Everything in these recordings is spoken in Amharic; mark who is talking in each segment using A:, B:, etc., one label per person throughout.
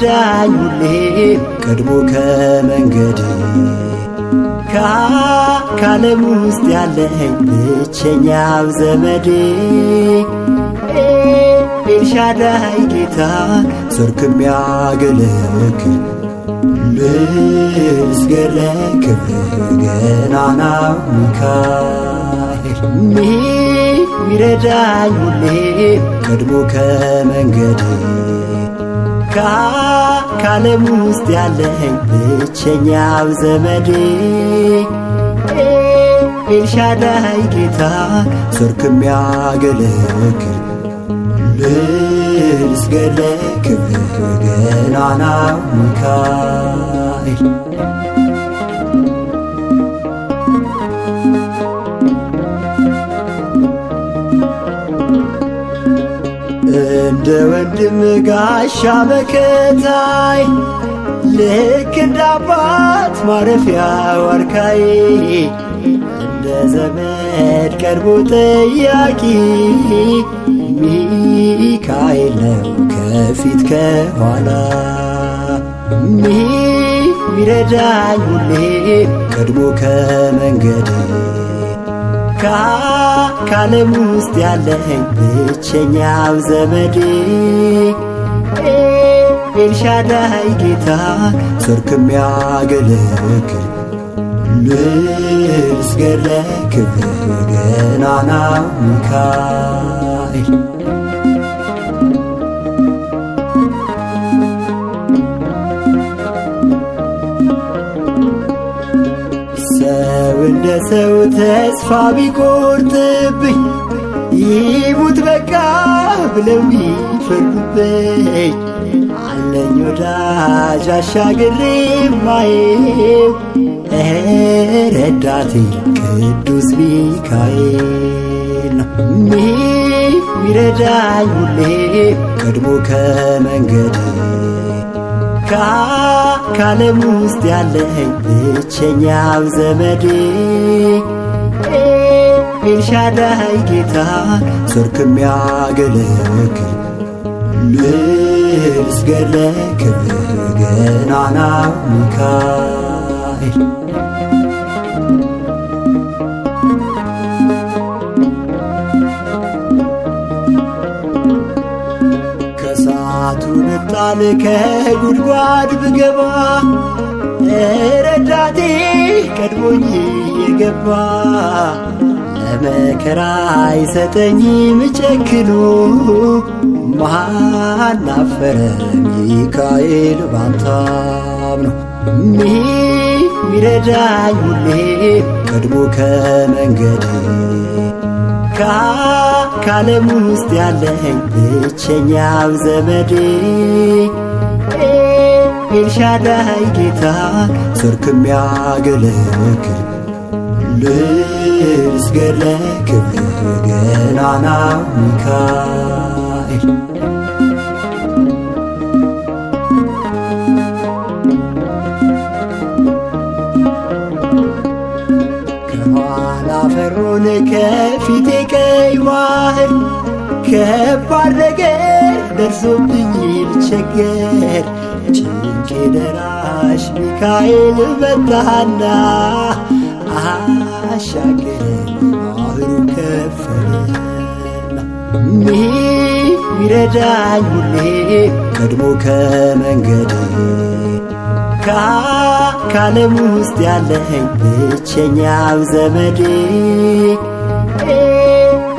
A: ይረዳኝ ሁሌ ቀድሞ ከመንገድ ከዓለም ውስጥ ያለኝ ብቸኛው ዘመዴ ኤልሻዳይ ጌታ ሰርክ የሚያገለግል ምስገለ ክብር ገናናው ሚካኤል ሚረዳኝ ሁሌ ቀድሞ ከመንገድ ከዓለም ውስጥ ያለኝ ብቸኛው ዘመዴ ኤልሻዳይ ጌታ ሰርክ የሚያገለግል ልስገለ ክብር ሚካኤል
B: እንደ ወንድም ጋሻ መከታይ ልክ እንደ አባት ማረፊያ ዋርካይ እንደ ዘመድ ቀርቦ ጠያቂ ሚካኤል ነው ከፊት ከኋላ
A: ሚ ሚረዳኝ ሁሌ ቀድሞ ከመንገድ ለካ ካለም ውስጥ ያለኝ ብቸኛው ዘመዴ ኤልሻዳይ ጌታ ሰርክ የሚያገለግል ምስገለ ክብር ሚካኤል
B: እንደ ሰው ተስፋ ቢቆርጥብኝ ይሙት በቃ ብለው ቢፈርዱብኝ አለኝ ወዳጅ አሻግሬ ማየው ረዳቴ ቅዱስ ሚካኤል
A: ነው ሚረዳኝ ሁሌ ቀድሞ ከመንገድ ለካ ካለም ውስጥ ያለኸኝ ብቸኛው ዘመዴ ኤልሻዳይ ጌታ ሰርክ የሚያገለክ ልስገለ ገናና ሚካኤል
B: ቃል ከጉድጓድ ብገባ ረዳቴ ቀድሞኝ የገባ ለመከራ ይሰጠኝ ምጨክኑ መሃን ሚካኤል ባንታም ነው
A: ሚህ ሚረዳኝ ሁሌ ቀድሞ ከመንገድ ከዓለም ውስጥ ያለኸኝ ብቸኛው ዘመዴ ኤልሻዳይ ጌታ ሰርክ የሚያገለግል ልስገለ ክብር ሚካኤል
B: ከባድ ነገር ደርሶብኝ ልቸገር ጭንቄ ደራሽ ሚካኤል በታና አሻገር ባህሩ ከፈለና
A: ይህ ይረዳኝ ሁሌ ቀድሞ ከመንገድ ከዓለም ውስጥ ያለኝ ብቸኛው ዘመዴ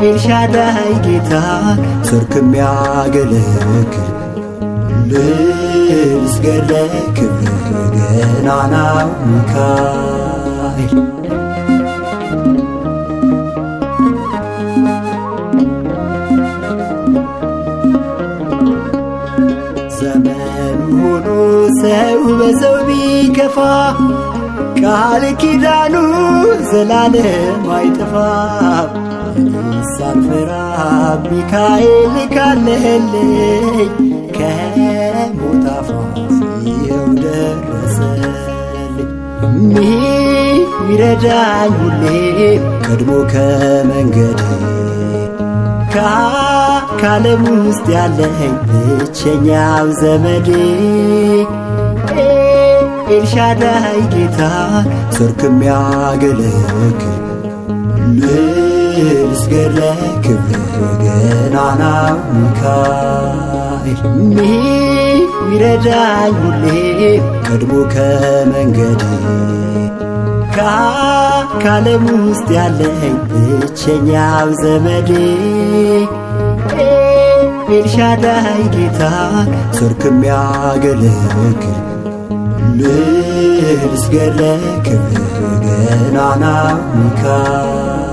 A: ኤልሻዳይ ጌታ ሰርክ የሚያገለግል ልስገለ ክብር ገናናው ሚካኤል
B: ሰው በሰው ቢከፋ ቃል ኪዳኑ ዘላለም አይጠፋ ሳልፈራ ሚካኤል ካለህልኝ ከሞት አፋፍ ይኸው ደረሰልኝ።
A: ይህ ሁሌ ቀድሞ ከመንገዴ ከዓለም ውስጥ ያለኝ ብቸኛው ዘመዴ ኤልሻዳይ ጌታ ሰርክ የሚያገለግል ምስገድ ለክብር ገናናው ሚካኤል ይረዳኝ ሁሌ ቀድሞ ከመንገድ ከዓለም ውስጥ ያለኝ ብቸኛው ዘመዴ ኤልሻዳይ ጌታ ሰርክ የሚያገለግል ልስገድ ለክብር ገናናው ሚካኤል